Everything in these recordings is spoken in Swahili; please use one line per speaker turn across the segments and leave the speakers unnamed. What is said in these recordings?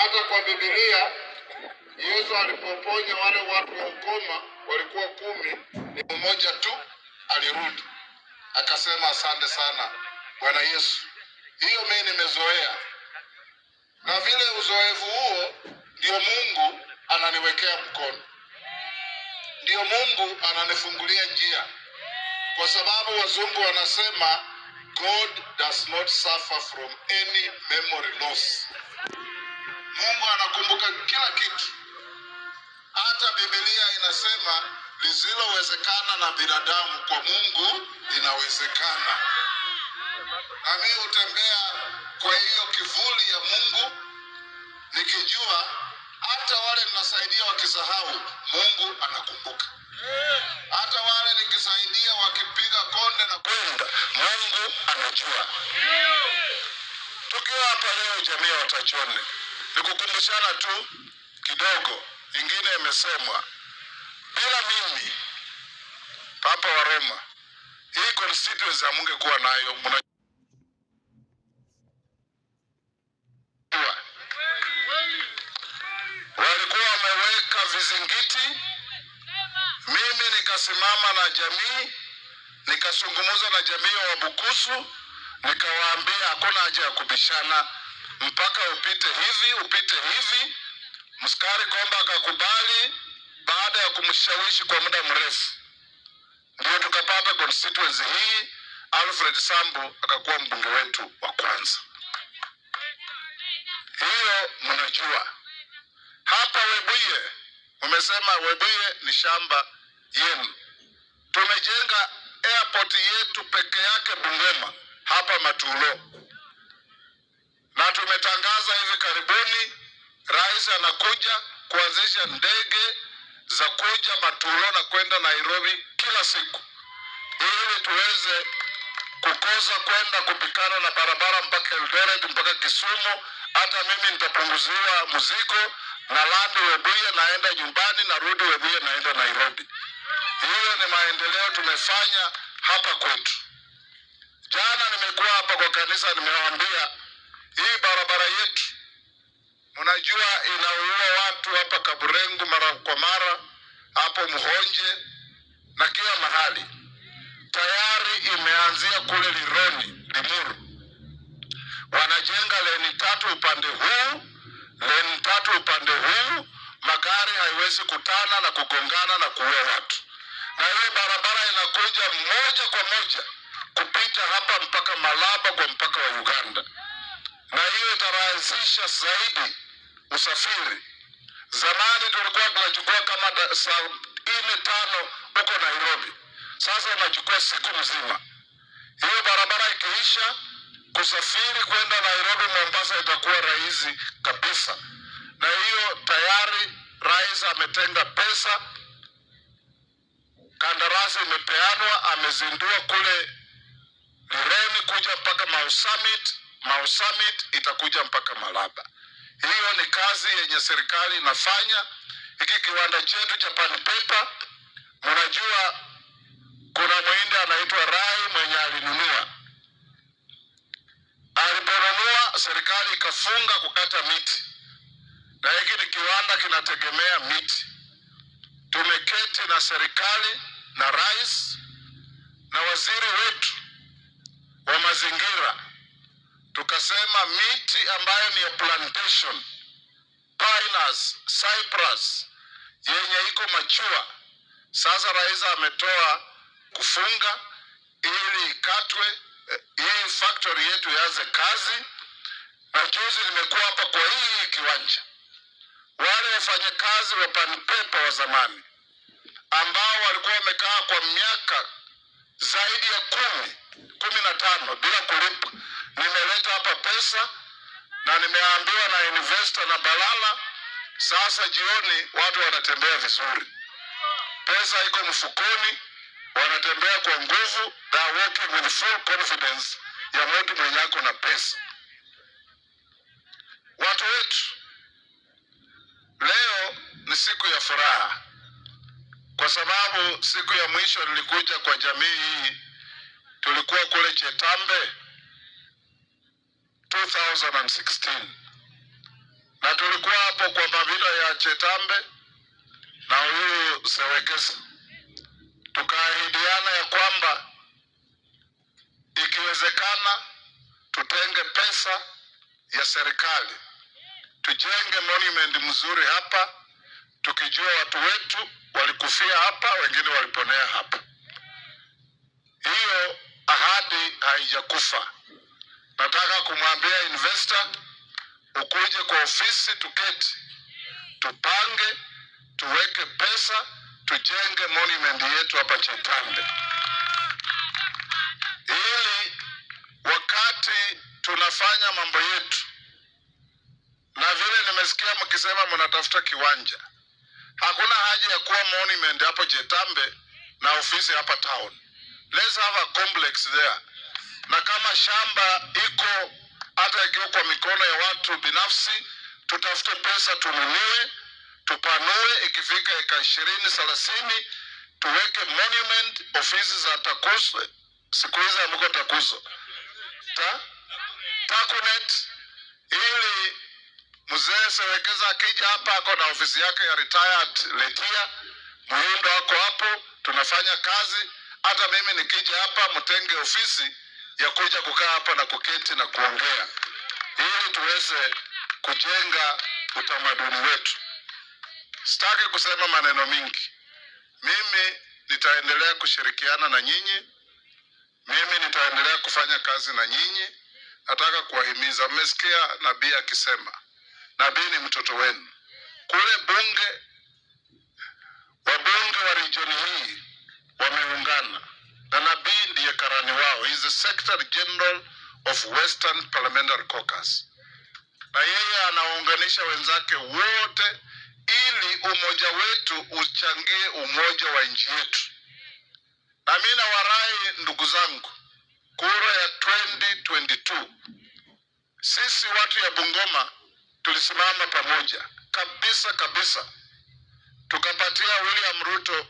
hata kwa Biblia Yesu alipoponya wale watu wa ukoma walikuwa kumi, ni mmoja tu alirudi akasema, asante sana Bwana Yesu, hiyo mimi nimezoea. Na vile uzoefu huo ndio Mungu ananiwekea mkono, ndio Mungu ananifungulia njia, kwa sababu wazungu wanasema God does not suffer from any memory loss. Mungu anakumbuka kila kitu. Hata Biblia inasema lisilowezekana na binadamu kwa Mungu inawezekana. Na mimi hutembea kwa hiyo kivuli ya Mungu nikijua hata wale ninasaidia wakisahau, Mungu anakumbuka. Hata wale nikisaidia wakipiga konde na kwenda, Mungu anajua. Tukiwa hapa leo, jamii ya Watachoni ni kukumbushana tu kidogo, ingine imesemwa. Bila mimi Papa wa Roma, hii constituency hamungekuwa nayo muna walikuwa wameweka vizingiti, mimi nikasimama na jamii, nikazungumza na jamii wa bukusu nikawaambia hakuna haja ya kubishana mpaka upite hivi upite hivi. Mskari Komba akakubali baada ya kumshawishi kwa muda mrefu, ndio tukapata constituency hii. Alfred Sambu akakuwa mbunge wetu wa kwanza. Hiyo mnajua. Hapa Webuye umesema Webuye ni shamba yenu. Tumejenga airport yetu peke yake Bungoma hapa Matulo na tumetangaza hivi karibuni, rais anakuja kuanzisha ndege za kuja Matulo na kwenda Nairobi kila siku, ili tuweze kukosa kwenda kupikana na barabara mpaka Eldoret mpaka Kisumu. Hata mimi nitapunguziwa mzigo na landi Webuye, naenda nyumbani, rudi Webuye, naenda Nairobi. Hiyo ni maendeleo tumefanya hapa kwetu. Jana nimekuwa hapa kwa kanisa, nimewaambia hii barabara yetu mnajua inaua watu hapa Kaburengu mara kwa mara, hapo Mhonje na kila mahali. Tayari imeanzia kule Lironi, Limuru, wanajenga leni tatu upande huu, leni tatu upande huu, magari haiwezi kutana na kugongana na kuua watu, na hiyo barabara inakuja moja kwa moja kupita hapa mpaka Malaba kwa mpaka wa Uganda na hiyo itarahisisha zaidi usafiri. Zamani tulikuwa tunachukua kama saa nne tano huko Nairobi, sasa unachukua siku mzima. Hiyo barabara ikiisha, kusafiri kwenda Nairobi, Mombasa itakuwa rahisi kabisa, na hiyo tayari rais ametenga pesa, kandarasi imepeanwa, amezindua kule Lireni kuja mpaka Mau Summit. Mau Summit itakuja mpaka Malaba. Hiyo ni kazi yenye serikali inafanya. Hiki kiwanda chetu cha Pan Paper, mnajua kuna mwindi anaitwa Rai mwenye alinunua. Aliponunua, serikali ikafunga kukata miti, na hiki ni kiwanda kinategemea miti. Tumeketi na serikali na rais na waziri wetu wa mazingira tukasema miti ambayo ni ya plantation pinus, cypress yenye iko machua. Sasa rais ametoa kufunga ili ikatwe, eh, hii factory yetu ianze kazi. Na juzi nimekuwa hapa kwa hii kiwanja, wale wafanyakazi wa Panpepa wa zamani ambao walikuwa wamekaa kwa miaka zaidi ya kumi kumi na tano bila kulipa Nimeleta hapa pesa na nimeambiwa na investor na Balala, sasa jioni watu wanatembea vizuri, pesa iko mfukoni, wanatembea kwa nguvu, they are walking with full confidence ya mtu mwenye ako na pesa. Watu wetu, leo ni siku ya furaha kwa sababu siku ya mwisho nilikuja kwa jamii hii, tulikuwa kule Chetambe 2016 na tulikuwa hapo kwa mabila ya Chetambe na huyu Sewekesa, tukaahidiana ya kwamba ikiwezekana tutenge pesa ya serikali tujenge monument mzuri hapa, tukijua watu wetu walikufia hapa, wengine waliponea hapa. Hiyo ahadi haijakufa. Nataka kumwambia investor ukuje kwa ofisi, tuketi, tupange, tuweke pesa, tujenge monument yetu hapa Chetande, ili wakati tunafanya mambo yetu, na vile nimesikia mkisema mnatafuta kiwanja, hakuna haja ya kuwa monument hapo Chetambe na ofisi hapa town. Let's have a complex there na kama shamba iko hata ikiwa kwa mikono ya watu binafsi, tutafute pesa tununue, tupanue, ikifika eka ishirini thelathini, tuweke monument. Ofisi za TAKUSU siku hizi amko takuso Ta? TAKUNET ili mzee Sewekeza akija hapa ako na ofisi yake ya retired Letia Muhindo ako hapo, tunafanya kazi. Hata mimi nikija hapa mtenge ofisi ya kuja kukaa hapa na kuketi na kuongea ili tuweze kujenga utamaduni wetu. Sitaki kusema maneno mingi. Mimi nitaendelea kushirikiana na nyinyi, mimi nitaendelea kufanya kazi na nyinyi. Nataka kuwahimiza, mmesikia nabii akisema, nabii ni mtoto wenu. Kule bunge, wabunge wa rijoni hii wameungana na nabii ndiye karani is the Secretary General of Western Parliamentary Caucus, na yeye anawaunganisha wenzake wote ili umoja wetu uchangie umoja wa nchi yetu. Na mimi nawarai ndugu zangu, kura ya 2022 sisi watu ya Bungoma tulisimama pamoja kabisa kabisa, tukapatia William Ruto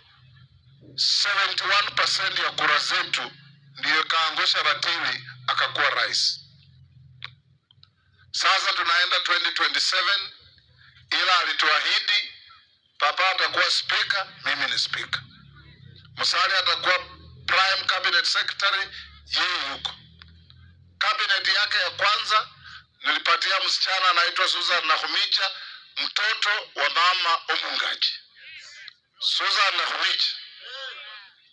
71% ya kura zetu ndiyo ikaangusha batili akakuwa rais. Sasa tunaenda 2027 ila alituahidi papa atakuwa spika, mimi ni spika, Musali atakuwa prime cabinet secretary, yeye yuko cabinet yake ya kwanza nilipatia msichana anaitwa Susan Nakhumicha, mtoto wa mama omungaji. Susan Nakhumicha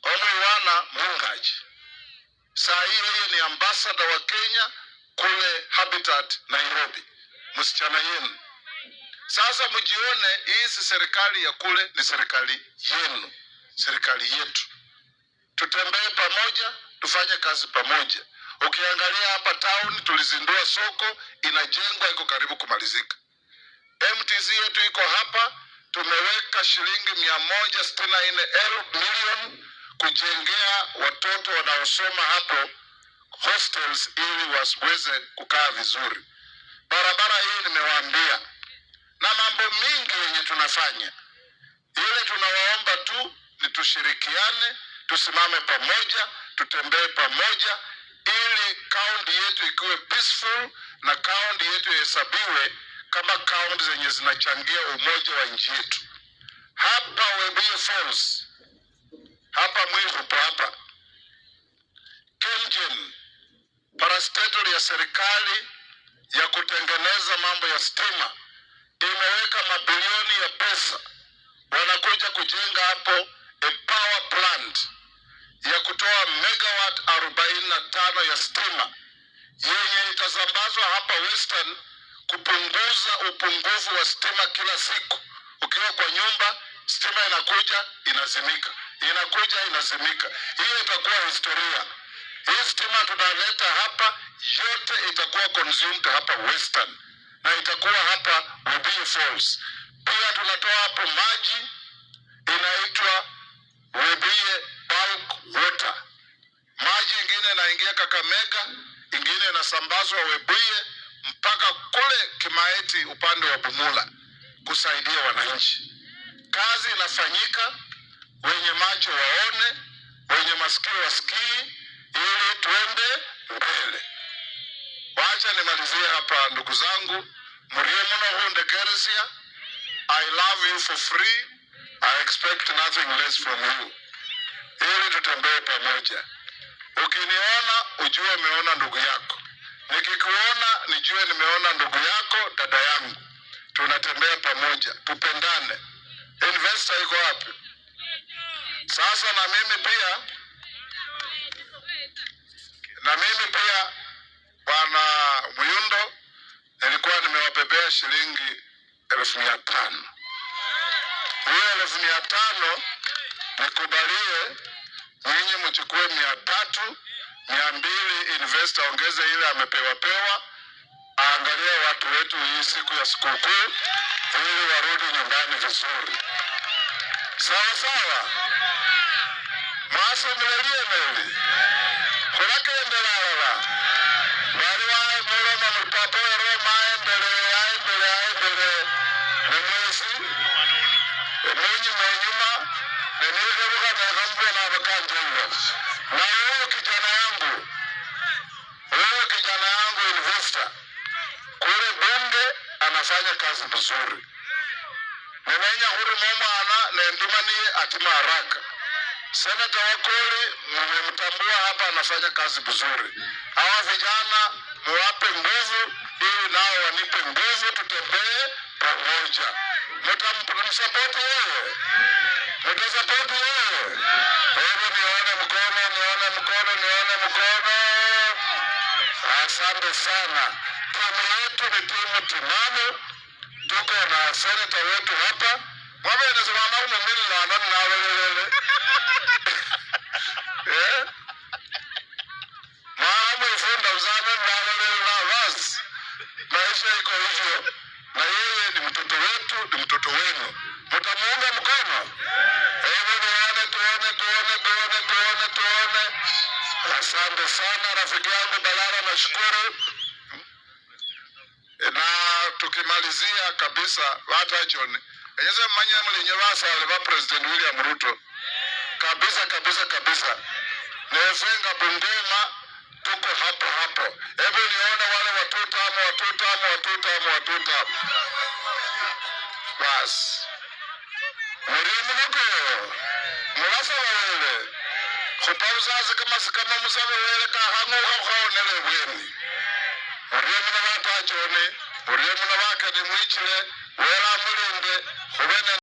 omuiwana mungaji Saa hii hiyo ni ambasada wa Kenya kule Habitat Nairobi, msichana yenu. Sasa mjione, hii si serikali ya kule, ni serikali yenu, serikali yetu. Tutembee pamoja, tufanye kazi pamoja. Ukiangalia hapa town, tulizindua soko, inajengwa, iko karibu kumalizika. MTC yetu iko hapa, tumeweka shilingi mia moja sitini na nne milioni kujengea watoto wanaosoma hapo hostels ili waweze kukaa vizuri. Barabara hii nimewaambia, na mambo mengi yenye tunafanya. Ile tunawaomba tu ni tushirikiane, tusimame pamoja, tutembee pamoja ili kaunti yetu ikiwe peaceful na kaunti yetu ihesabiwe kama kaunti zenye zinachangia umoja wa nchi yetu. Hapa Webuye Falls hapa Mwivu po hapa KenGen, parastatali ya serikali ya kutengeneza mambo ya stima imeweka mabilioni ya pesa, wanakuja kujenga hapo a power plant ya kutoa megawatt tano ya stima yenye itasambazwa hapa Western kupunguza upungufu wa stima kila siku. Ukiwa kwa nyumba, stima inakuja inazimika inakuja inasimika. Hiyo itakuwa historia. Hii stima tunaleta hapa yote itakuwa consumed hapa Western na itakuwa hapa Webuye Falls. Pia tunatoa hapo maji inaitwa Webie bulk water. Maji ingine inaingia Kakamega, ingine inasambazwa Webie mpaka kule Kimaeti upande wa Bumula kusaidia wananchi. Kazi inafanyika wenye macho waone, wenye masikio wasikii, ili tuende mbele. Wacha nimalizie hapa, ndugu zangu, murie muno keresia. I love you for free, I expect nothing less from you, ili tutembee pamoja. Ukiniona ujue umeona ndugu yako, nikikuona nijue nimeona ndugu yako, dada yangu. Tunatembea pamoja, tupendane. Investor iko wapi? Sasa na mimi pia na mimi pia bwana Mwiundo nilikuwa nimewapepea shilingi elfu mia tano. Hiyo elfu mia tano nikubalie mwinyi mchukue mia tatu mia mbili investor ongeze ile amepewa pewa, aangalie watu wetu hii siku ya sikukuu ili warudi nyumbani vizuri sawa sawa maso mulelie meli khulakendelala bali waemulema mutatoero maendele aendele aendele mumwesi emunyuma enyuma nenekheruka nekhamubwe nabakanjulwa nawe huyo kijana yangu huyo kijana yangu investor kule bunge anafanya kazi vizuri ninainyahuri momwana nendimanie ati Maharaka seneta Wakoli mmemtambua hapa, anafanya kazi vizuri. Hawa vijana muwape nguvu, ili nao wanipe nguvu, tutembee pamoja. Mtamsapoti yeye, mtasapoti yeye. Hebu nione mkono, nione mkono, nione mkono. Asante sana. Timu yetu ni timu timamu tuko na seneta wetu hapa wavenezi wanaume mili na wanani na welewele mwanaume eh? ifunda uzame na welele na wazi, maisha iko hivyo, na yeye ni mtoto wetu, ni mtoto wenu, mtamuunga mkono. Hebu tuone tuone tuone tuone tuone tuone. Asante sana rafiki yangu Dalala, nashukuru nikimalizia kabisa hata John enyeze manya mlenye basale ba President William Ruto kabisa kabisa kabisa nefenga bundema tuko hapo hapo. Hebu nione wale watuta ama watuta ama watuta ama watoto basi mulimunuko mulafa wawele khupa buzazi kamasi kama musabe wele kahang'ukha khukhawonela na muliemuna batachone buli omu nobakene mwichile wela mulinde khubene